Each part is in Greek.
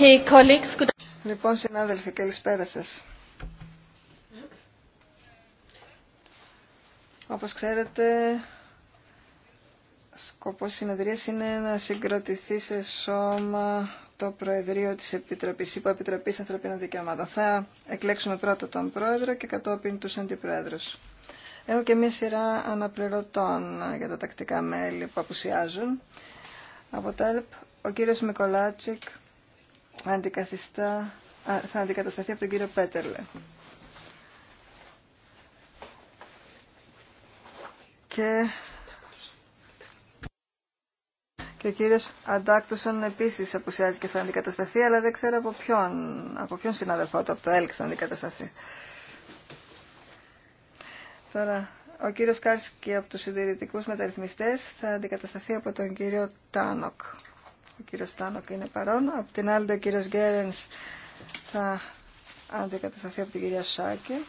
Okay, colleagues, good... Λοιπόν, συνάδελφοι, καλησπέρα σα. Όπως ξέρετε, σκοπός συνέδρια είναι να συγκρατηθεί σε σώμα το Προεδρείο της Επιτροπής, υπό Επιτροπής Ανθρωπίνων Δικαιωμάτων. Θα εκλέξουμε πρώτα τον Πρόεδρο και κατόπιν τους Αντιπρόεδρους. Έχω και μια σειρά αναπληρωτών για τα τακτικά μέλη που απουσιάζουν. Από τα ΕΛΠ, ο κύριος Μικολάτσικ, θα αντικατασταθεί από τον κύριο Πέτερλε. Και, ο κύριος Αντάκτουσον επίσης απουσιάζει και θα αντικατασταθεί, αλλά δεν ξέρω από ποιον, από ποιον συνάδελφό του, από το ΕΛΚ θα αντικατασταθεί. Τώρα, ο κύριος Κάρσκι από τους συντηρητικούς μεταρρυθμιστές θα αντικατασταθεί από τον κύριο Τάνοκ. Ο κύριος Στάνοκ είναι παρόν. Από την άλλη ο κύριος Γκέρενς θα αντικατασταθεί από την κυρία Σάκη.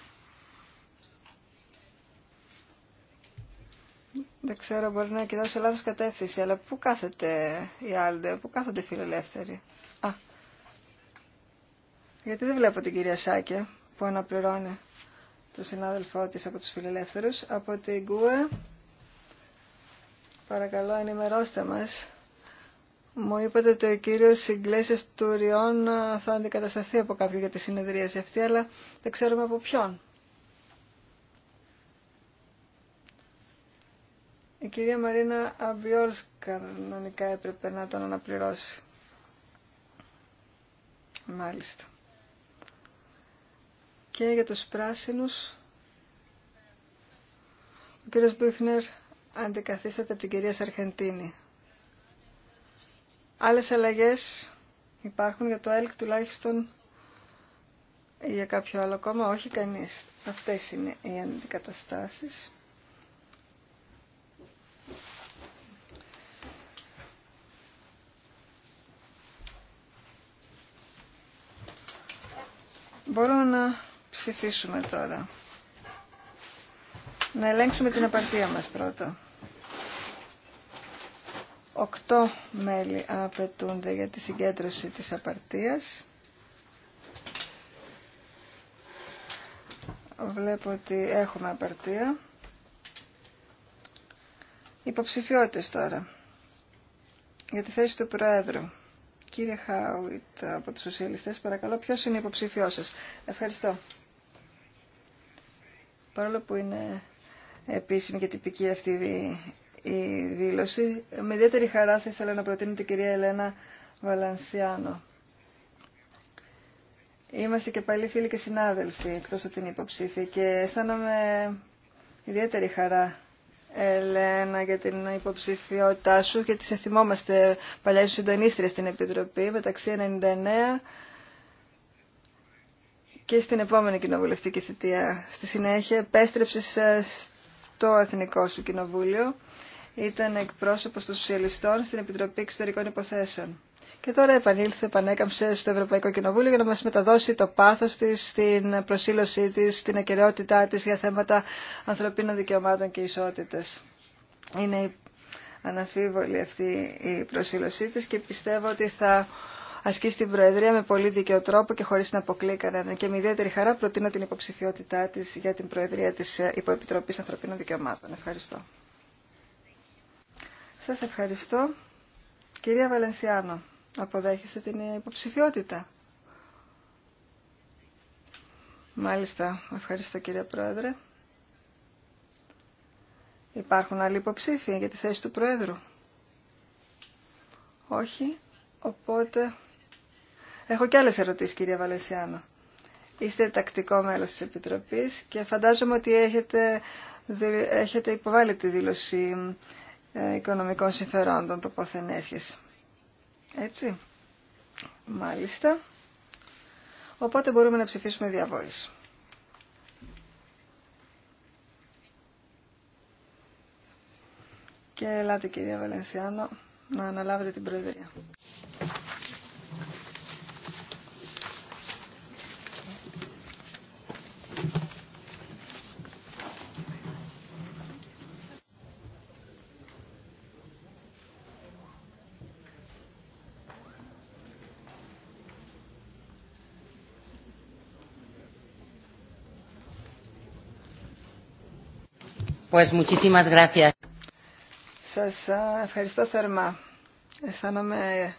Δεν ξέρω, μπορεί να κοιτάω σε λάθος κατεύθυνση, αλλά πού κάθεται η Άλντε, πού κάθονται οι φιλελεύθεροι. Α, γιατί δεν βλέπω την κυρία Σάκη που καθεται η αλντε που κάθεται οι φιλελευθεροι γιατι δεν βλεπω την κυρια σακη που αναπληρωνει τον συνάδελφό της από τους φιλελεύθερους. Από την ΚΟΕ, παρακαλώ ενημερώστε μας μου είπατε ότι ο κύριο Ιγκλέσια του Ριών ε, θα αντικατασταθεί από κάποιο για τη συνεδρίαση αυτή, αλλά δεν ξέρουμε από ποιον. Η κυρία Μαρίνα Αμπιόλς κανονικά έπρεπε να τον αναπληρώσει. Μάλιστα. Και για τους πράσινους, ο κύριος Μπίχνερ αντικαθίσταται από την κυρία Σαρχεντίνη. Άλλες αλλαγές υπάρχουν για το ΕΛΚ τουλάχιστον ή για κάποιο άλλο κόμμα. Όχι κανείς. Αυτές είναι οι αντικαταστάσεις. Μπορούμε να ψηφίσουμε τώρα. Να ελέγξουμε την απαρτία μας πρώτα. Οκτώ μέλη απαιτούνται για τη συγκέντρωση της απαρτίας. Βλέπω ότι έχουμε απαρτία. Υποψηφιότητες τώρα. Για τη θέση του Προέδρου. Κύριε Χάουιτ από τους Σοσιαλιστές, παρακαλώ, ποιος είναι υποψηφιό σας. Ευχαριστώ. Παρόλο που είναι επίσημη και τυπική αυτή η δήλωση. Με ιδιαίτερη χαρά θα ήθελα να προτείνω την κυρία Ελένα Βαλανσιάνο. Είμαστε και πάλι φίλοι και συνάδελφοι εκτός από την υποψήφια και αισθάνομαι ιδιαίτερη χαρά Ελένα για την υποψηφιότητά σου και σε θυμόμαστε παλιά σου συντονίστρια στην Επιτροπή μεταξύ 99 και στην επόμενη κοινοβουλευτική θητεία. Στη συνέχεια επέστρεψες ε, στο Εθνικό σου Κοινοβούλιο ήταν εκπρόσωπο των Σοσιαλιστών στην Επιτροπή Εξωτερικών Υποθέσεων. Και τώρα επανήλθε, επανέκαμψε στο Ευρωπαϊκό Κοινοβούλιο για να μα μεταδώσει το πάθο τη την προσήλωσή τη, την ακαιρεότητά τη για θέματα ανθρωπίνων δικαιωμάτων και ισότητε. Είναι αναφίβολη αυτή η προσήλωσή της και πιστεύω ότι θα ασκήσει την Προεδρία με πολύ δίκαιο τρόπο και χωρίς να αποκλεί κανέναν. Και με ιδιαίτερη χαρά προτείνω την υποψηφιότητά της για την Προεδρία της Υποεπιτροπής Ανθρωπίνων Δικαιωμάτων. Ευχαριστώ. Σας ευχαριστώ. Κυρία Βαλενσιάνο, αποδέχεστε την υποψηφιότητα. Μάλιστα, ευχαριστώ κύριε Πρόεδρε. Υπάρχουν άλλοι υποψήφοι για τη θέση του Πρόεδρου. Όχι, οπότε... Έχω και άλλες ερωτήσεις κυρία Βαλενσιάνο. Είστε τακτικό μέλος της Επιτροπής και φαντάζομαι ότι έχετε, έχετε υποβάλει τη δήλωση ε, οικονομικών συμφερόντων το πόθεν έσχεση. Έτσι. Μάλιστα. Οπότε μπορούμε να ψηφίσουμε διαβόηση. Και ελάτε κυρία Βαλενσιάνο να αναλάβετε την Προεδρία. Pues muchísimas gracias. Σας ευχαριστώ θερμά. Αισθάνομαι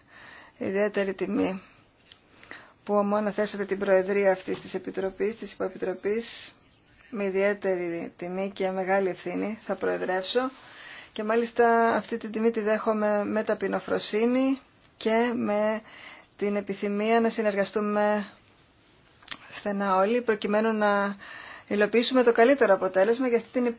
ιδιαίτερη τιμή που θέσατε την Προεδρία αυτής της Επιτροπής, της Υποεπιτροπής, με ιδιαίτερη τιμή και μεγάλη ευθύνη θα προεδρεύσω και μάλιστα αυτή την τιμή τη δέχομαι με ταπεινοφροσύνη και με την επιθυμία να συνεργαστούμε στενά όλοι προκειμένου να υλοποιήσουμε το καλύτερο αποτέλεσμα για αυτή την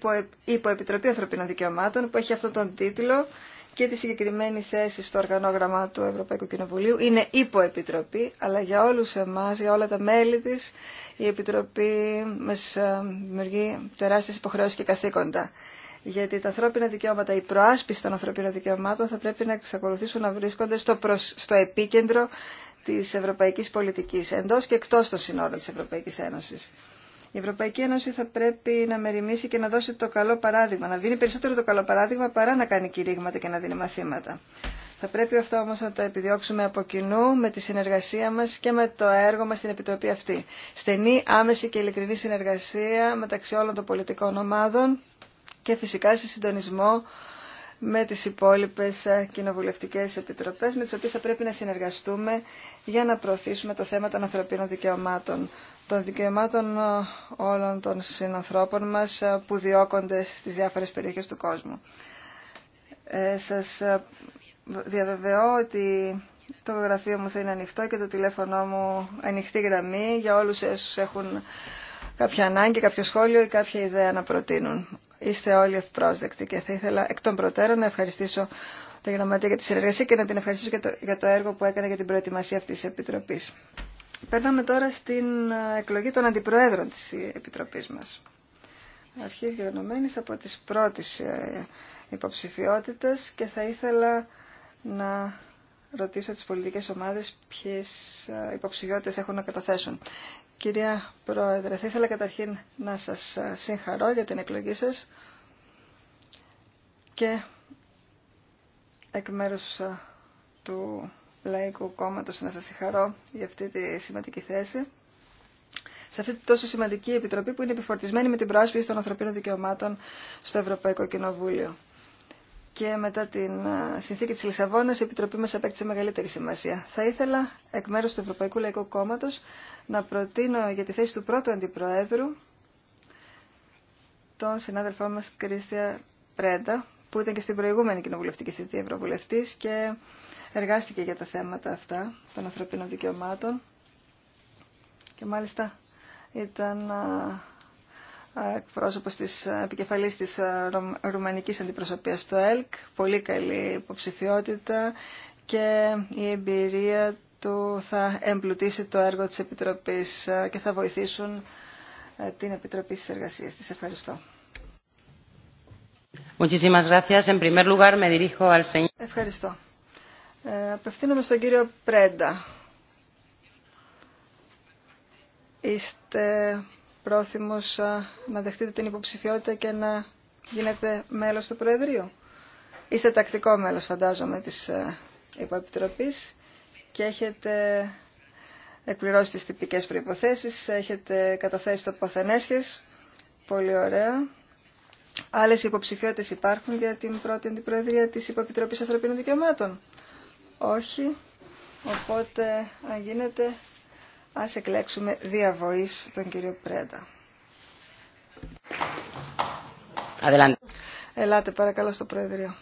Υποεπιτροπή Ανθρωπίνων Δικαιωμάτων που έχει αυτόν τον τίτλο και τη συγκεκριμένη θέση στο οργανόγραμμα του Ευρωπαϊκού Κοινοβουλίου. Είναι υποεπιτροπή, αλλά για όλους εμάς, για όλα τα μέλη της, η Επιτροπή μας ε, δημιουργεί τεράστιες υποχρεώσεις και καθήκοντα. Γιατί τα ανθρώπινα δικαιώματα, η προάσπιση των ανθρωπίνων δικαιωμάτων θα πρέπει να εξακολουθήσουν να βρίσκονται στο, στο επίκεντρο της ευρωπαϊκής πολιτικής, εντός και εκτός των συνόρων της Ευρωπαϊκής Ένωσης. Η Ευρωπαϊκή Ένωση θα πρέπει να μεριμνήσει και να δώσει το καλό παράδειγμα, να δίνει περισσότερο το καλό παράδειγμα παρά να κάνει κηρύγματα και να δίνει μαθήματα. Θα πρέπει αυτό όμως να τα επιδιώξουμε από κοινού με τη συνεργασία μας και με το έργο μας στην Επιτροπή αυτή. Στενή, άμεση και ειλικρινή συνεργασία μεταξύ όλων των πολιτικών ομάδων και φυσικά σε συντονισμό με τις υπόλοιπες ε, κοινοβουλευτικές επιτροπές με τις οποίες θα πρέπει να συνεργαστούμε για να προωθήσουμε το θέμα των ανθρωπίνων δικαιωμάτων, των δικαιωμάτων ε, όλων των συνανθρώπων μας ε, που διώκονται στις διάφορες περιοχές του κόσμου. Ε, σας διαβεβαιώ ότι το γραφείο μου θα είναι ανοιχτό και το τηλέφωνο μου ανοιχτή γραμμή για όλους έχουν κάποια ανάγκη, κάποιο σχόλιο ή κάποια ιδέα να προτείνουν είστε όλοι ευπρόσδεκτοι και θα ήθελα εκ των προτέρων να ευχαριστήσω τα Γραμματεία για τη συνεργασία και να την ευχαριστήσω για το, για το έργο που έκανε για την προετοιμασία αυτής της Επιτροπής. Περνάμε τώρα στην ε, εκλογή των αντιπροέδρων της ε, Επιτροπής μας. Αρχής γενομένης από τις πρώτες ε, υποψηφιότητες και θα ήθελα να ρωτήσω τις πολιτικές ομάδες ποιες υποψηφιότητες έχουν να καταθέσουν. Κυρία Πρόεδρε, θα ήθελα καταρχήν να σας ε, συγχαρώ για την εκλογή σας και εκ μέρους ε, του Λαϊκού Κόμματος να σας συγχαρώ για αυτή τη σημαντική θέση. Σε αυτή τη τόσο σημαντική επιτροπή που είναι επιφορτισμένη με την προάσπιση των ανθρωπίνων δικαιωμάτων στο Ευρωπαϊκό Κοινοβούλιο και μετά την ε, συνθήκη της Λισαβόνας η Επιτροπή μας απέκτησε μεγαλύτερη σημασία. Θα ήθελα εκ μέρους του Ευρωπαϊκού Λαϊκού Κόμματος να προτείνω για τη θέση του πρώτου Αντιπροέδρου τον συνάδελφό μας Κρίστια Πρέντα που ήταν και στην προηγούμενη κοινοβουλευτική θητεία Ευρωβουλευτής και εργάστηκε για τα θέματα αυτά των ανθρωπίνων δικαιωμάτων και μάλιστα ήταν ε, εκπρόσωπο τη επικεφαλή τη Ρουμανικής Αντιπροσωπείας στο ΕΛΚ. Πολύ καλή υποψηφιότητα και η εμπειρία του θα εμπλουτίσει το έργο της Επιτροπής και θα βοηθήσουν την Επιτροπή στις εργασίε της. Ευχαριστώ. Ευχαριστώ. Ε, απευθύνομαι στον κύριο Πρέντα. Είστε πρόθυμος να δεχτείτε την υποψηφιότητα και να γίνετε μέλος του Προεδρείου. Είστε τακτικό μέλος φαντάζομαι της ε, Υποεπιτροπής και έχετε εκπληρώσει τις τυπικές προϋποθέσεις, έχετε καταθέσει το ποθενέσχες, πολύ ωραία. Άλλες υποψηφιότητες υπάρχουν για την πρώτη αντιπροεδρία της Υποεπιτροπής Ανθρωπίνων Δικαιωμάτων. Όχι, οπότε αν γίνεται Ας εκλέξουμε διαβοής τον κύριο Πρέντα. Ελάτε παρακαλώ στο Προεδρείο.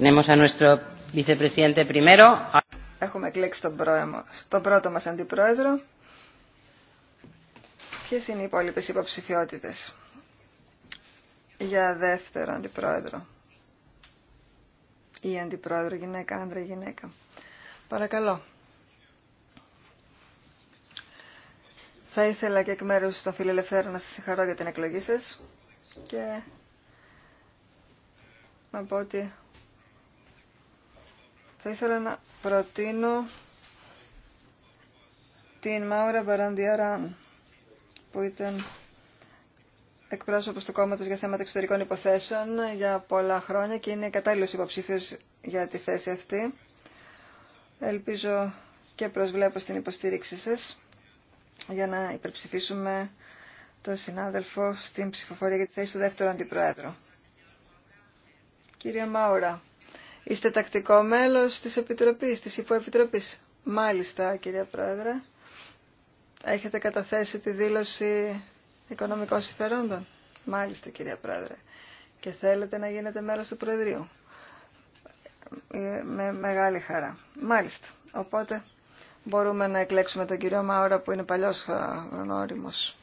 Έχουμε εκλέξει τον, πρώτο μας αντιπρόεδρο. Ποιες είναι οι υπόλοιπες υποψηφιότητες για δεύτερο αντιπρόεδρο ή αντιπρόεδρο γυναίκα, άντρα γυναίκα. Παρακαλώ. Θα ήθελα και εκ μέρου των φιλελευθέρων να σας συγχαρώ για την εκλογή σας και να πω ότι θα ήθελα να προτείνω την Μάουρα Μπαραντιαράν, που ήταν εκπρόσωπος του κόμματος για θέματα εξωτερικών υποθέσεων για πολλά χρόνια και είναι κατάλληλος υποψήφιος για τη θέση αυτή. Ελπίζω και προσβλέπω στην υποστήριξή σας για να υπερψηφίσουμε τον συνάδελφο στην ψηφοφορία για τη θέση του δεύτερου αντιπροέδρου. Κύριε Μάουρα, Είστε τακτικό μέλος της Επιτροπής, της Υποεπιτροπής. Μάλιστα, κυρία Πρόεδρε. Έχετε καταθέσει τη δήλωση οικονομικών συμφερόντων. Μάλιστα, κυρία Πρόεδρε. Και θέλετε να γίνετε μέλος του Προεδρείου. Ε, με μεγάλη χαρά. Μάλιστα. Οπότε μπορούμε να εκλέξουμε τον κύριο Μάωρα που είναι παλιός ε, γνώριμος.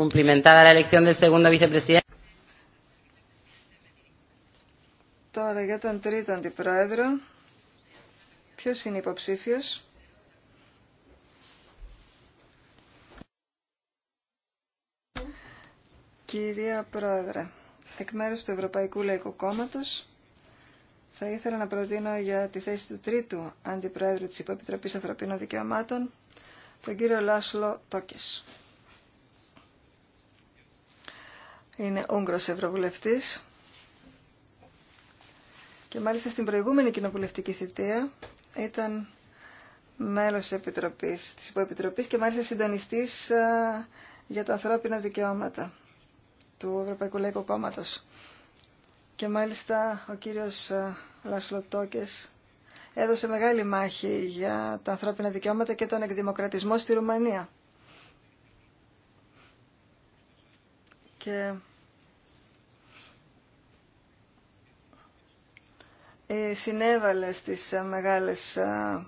Cumplimentada la elección del segundo vicepresidente. Τώρα για τον τρίτο αντιπρόεδρο. Ποιο είναι υποψήφιο, Κυρία Πρόεδρε, εκ μέρους του Ευρωπαϊκού Λαϊκού Κόμματο θα ήθελα να προτείνω για τη θέση του τρίτου αντιπρόεδρου της Υποεπιτροπής Ανθρωπίνων Δικαιωμάτων, τον κύριο Λάσλο Τόκες. είναι Ούγγρος Ευρωβουλευτής και μάλιστα στην προηγούμενη κοινοβουλευτική θητεία ήταν μέλος της, Επιτροπής, της Υποεπιτροπής και μάλιστα συντονιστής ε, για τα ανθρώπινα δικαιώματα του Ευρωπαϊκού Λαϊκού Κόμματος. Και μάλιστα ο κύριος ε, Λασλοτόκες έδωσε μεγάλη μάχη για τα ανθρώπινα δικαιώματα και τον εκδημοκρατισμό στη Ρουμανία. Και Ε, συνέβαλε στις ε, μεγάλες ε,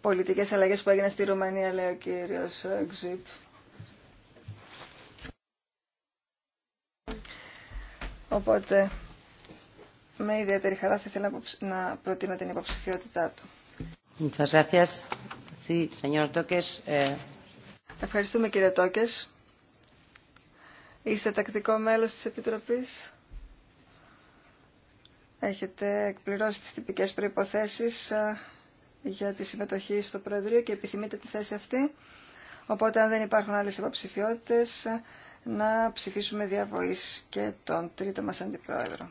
πολιτικές αλλαγές που έγιναν στη Ρουμανία, λέει ο κύριος Ξύπ. Οπότε, με ιδιαίτερη χαρά θα ήθελα να προτείνω την υποψηφιότητά του. Ευχαριστούμε κύριε Τόκες. Είστε τακτικό μέλος της Επιτροπής. Έχετε εκπληρώσει τις τυπικές προϋποθέσεις ε, για τη συμμετοχή στο Προεδρείο και επιθυμείτε τη θέση αυτή. Οπότε αν δεν υπάρχουν άλλες υποψηφιότητες, ε, να ψηφίσουμε διαβοής και τον τρίτο μας αντιπρόεδρο.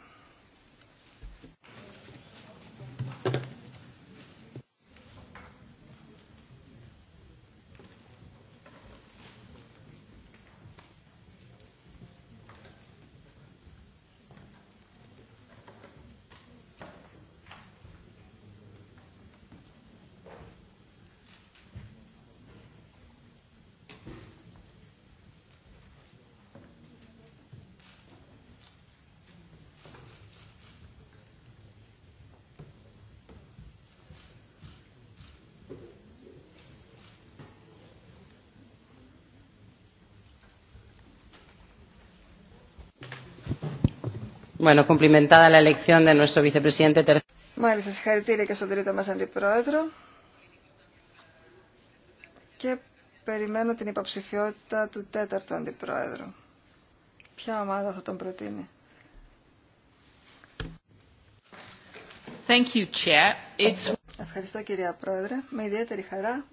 Bueno, cumplimentada la elección de nuestro vicepresidente Μάλιστα, συγχαρητήρια και στον τρίτο μας αντιπρόεδρο. Και περιμένω την υποψηφιότητα του τέταρτου αντιπρόεδρου. Ποια ομάδα θα τον προτείνει. Thank you, Chair. It's... Ευχαριστώ κυρία Πρόεδρε. Με ιδιαίτερη χαρά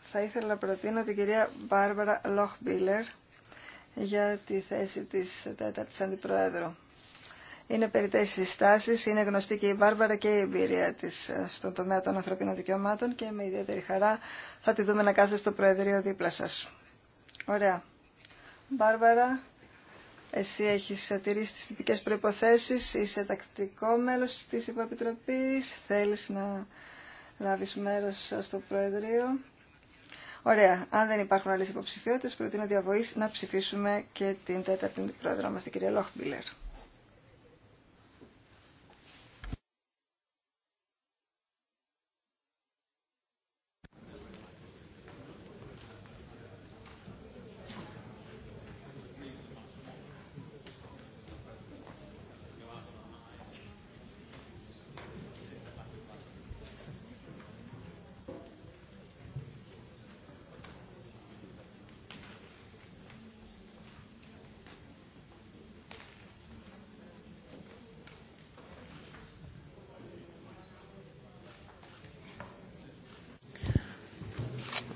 θα ήθελα να προτείνω την κυρία Μπάρμπαρα Λοχμπίλερ για τη θέση της τέταρτης αντιπροέδρου. Είναι περί οι είναι γνωστή και η Βάρβαρα και η εμπειρία της στον τομέα των ανθρωπίνων δικαιωμάτων και με ιδιαίτερη χαρά θα τη δούμε να κάθεται στο Προεδρείο δίπλα σας. Ωραία. Βάρβαρα, εσύ έχεις τηρήσει τις τυπικές προϋποθέσεις, είσαι τακτικό μέλος της Υποεπιτροπής, θέλεις να λάβεις μέρος στο Προεδρείο. Ωραία. Αν δεν υπάρχουν άλλε υποψηφιότητε, προτείνω διαβοής να ψηφίσουμε και την τέταρτη πρόεδρο μας, την κυρία Λόχμπιλερ.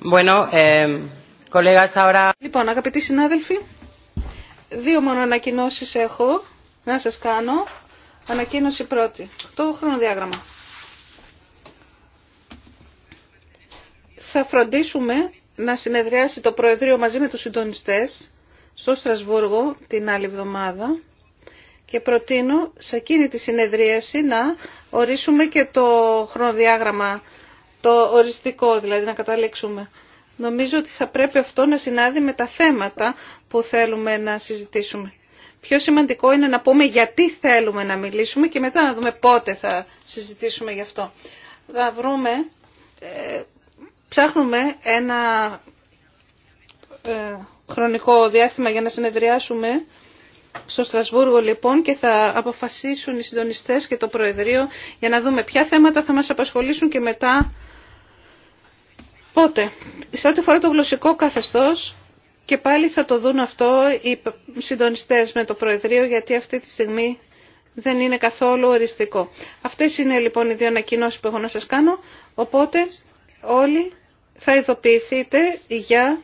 Bueno, eh, ahora... Λοιπόν, αγαπητοί συνάδελφοι, δύο μόνο ανακοινώσεις έχω να σας κάνω. Ανακοίνωση πρώτη. Το χρονοδιάγραμμα. Θα φροντίσουμε να συνεδριάσει το Προεδρείο μαζί με τους συντονιστές στο Στρασβούργο την άλλη εβδομάδα και προτείνω σε εκείνη τη συνεδρίαση να ορίσουμε και το χρονοδιάγραμμα το οριστικό, δηλαδή να καταλήξουμε. Νομίζω ότι θα πρέπει αυτό να συνάδει με τα θέματα που θέλουμε να συζητήσουμε. Πιο σημαντικό είναι να πούμε γιατί θέλουμε να μιλήσουμε και μετά να δούμε πότε θα συζητήσουμε γι' αυτό. Θα βρούμε, ε, ψάχνουμε ένα ε, χρονικό διάστημα για να συνεδριάσουμε στο Στρασβούργο λοιπόν και θα αποφασίσουν οι συντονιστές και το Προεδρείο για να δούμε ποια θέματα θα μας απασχολήσουν και μετά Οπότε, σε ό,τι αφορά το γλωσσικό καθεστώς, και πάλι θα το δουν αυτό οι συντονιστές με το Προεδρείο, γιατί αυτή τη στιγμή δεν είναι καθόλου οριστικό. Αυτές είναι λοιπόν οι δύο ανακοινώσεις που έχω να σας κάνω, οπότε όλοι θα ειδοποιηθείτε για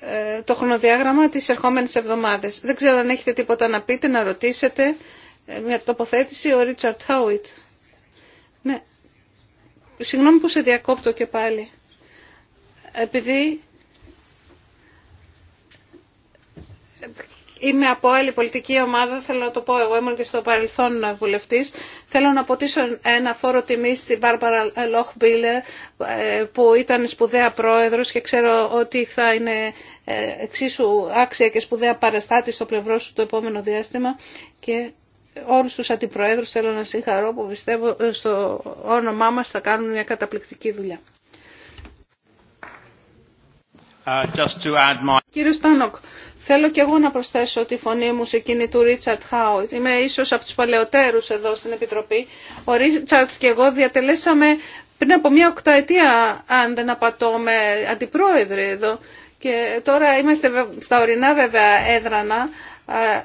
ε, το χρονοδιάγραμμα τις ερχόμενες εβδομάδες. Δεν ξέρω αν έχετε τίποτα να πείτε, να ρωτήσετε. Ε, μια τοποθέτηση, ο Ρίτσαρτ Χάουιτ. Ναι. Συγγνώμη που σε διακόπτω και πάλι επειδή είμαι από άλλη πολιτική ομάδα, θέλω να το πω, εγώ ήμουν και στο παρελθόν βουλευτής, θέλω να αποτίσω ένα φόρο τιμή στην Μπάρμπαρα Μπίλερ ε, που ήταν σπουδαία πρόεδρος και ξέρω ότι θα είναι ε, εξίσου άξια και σπουδαία παραστάτη στο πλευρό σου το επόμενο διάστημα και όλους τους αντιπροέδρους θέλω να συγχαρώ που πιστεύω στο όνομά μας θα κάνουν μια καταπληκτική δουλειά. Uh, Κύριε Στάνοκ, θέλω και εγώ να προσθέσω τη φωνή μου σε εκείνη του Ρίτσαρτ Χάου. Είμαι ίσως από τους παλαιότερους εδώ στην Επιτροπή. Ο Ρίτσαρτ και εγώ διατελέσαμε πριν από μια οκταετία, αν δεν απατώ, με αντιπρόεδροι εδώ. Και τώρα είμαστε στα ορεινά βέβαια έδρανα,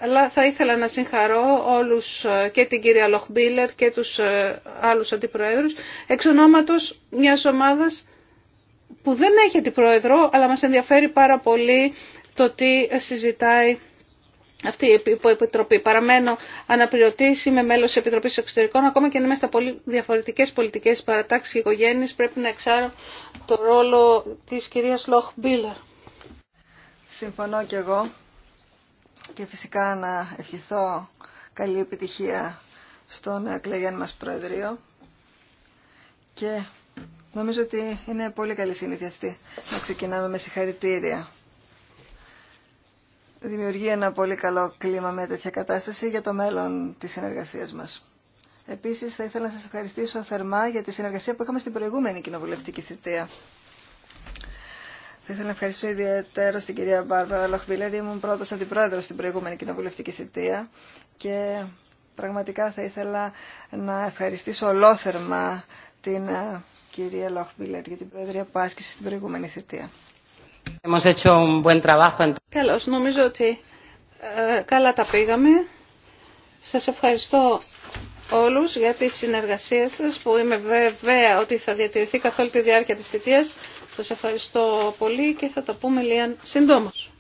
αλλά θα ήθελα να συγχαρώ όλους ε, και την κυρία Λοχμπίλερ και τους ε, άλλους αντιπροέδρους, εξ ονόματος μιας ομάδας που δεν έχει την Πρόεδρο, αλλά μας ενδιαφέρει πάρα πολύ το τι συζητάει αυτή η Επιτροπή. Παραμένω αναπληρωτής, είμαι μέλος της Επιτροπής Εξωτερικών, ακόμα και αν είμαι στα πολύ διαφορετικές πολιτικές παρατάξεις και οικογένειες, πρέπει να εξάρω το ρόλο της κυρίας Λόχ Μπίλερ. Συμφωνώ κι εγώ και φυσικά να ευχηθώ καλή επιτυχία στον εκλεγέν μας Προεδρείο και Νομίζω ότι είναι πολύ καλή συνήθεια αυτή να ξεκινάμε με συγχαρητήρια. Δημιουργεί ένα πολύ καλό κλίμα με τέτοια κατάσταση για το μέλλον της συνεργασίας μας. Επίσης θα ήθελα να σας ευχαριστήσω θερμά για τη συνεργασία που είχαμε στην προηγούμενη κοινοβουλευτική θητεία. Θα ήθελα να ευχαριστήσω ιδιαίτερα στην κυρία Μπάρβα Λοχμπίλερ. Ήμουν πρώτο αντιπρόεδρο στην προηγούμενη κοινοβουλευτική θητεία και πραγματικά θα ήθελα να ευχαριστήσω ολόθερμα την ε, κυρία Λόχμιλερ, για την Προεδρία που άσκησε στην προηγούμενη θητεία. Καλώς, νομίζω ότι ε, καλά τα πήγαμε. Σας ευχαριστώ όλους για τη συνεργασία σας που είμαι βέβαια ότι θα διατηρηθεί καθ' όλη τη διάρκεια της θητείας. Σας ευχαριστώ πολύ και θα τα πούμε λίγαν συντόμως.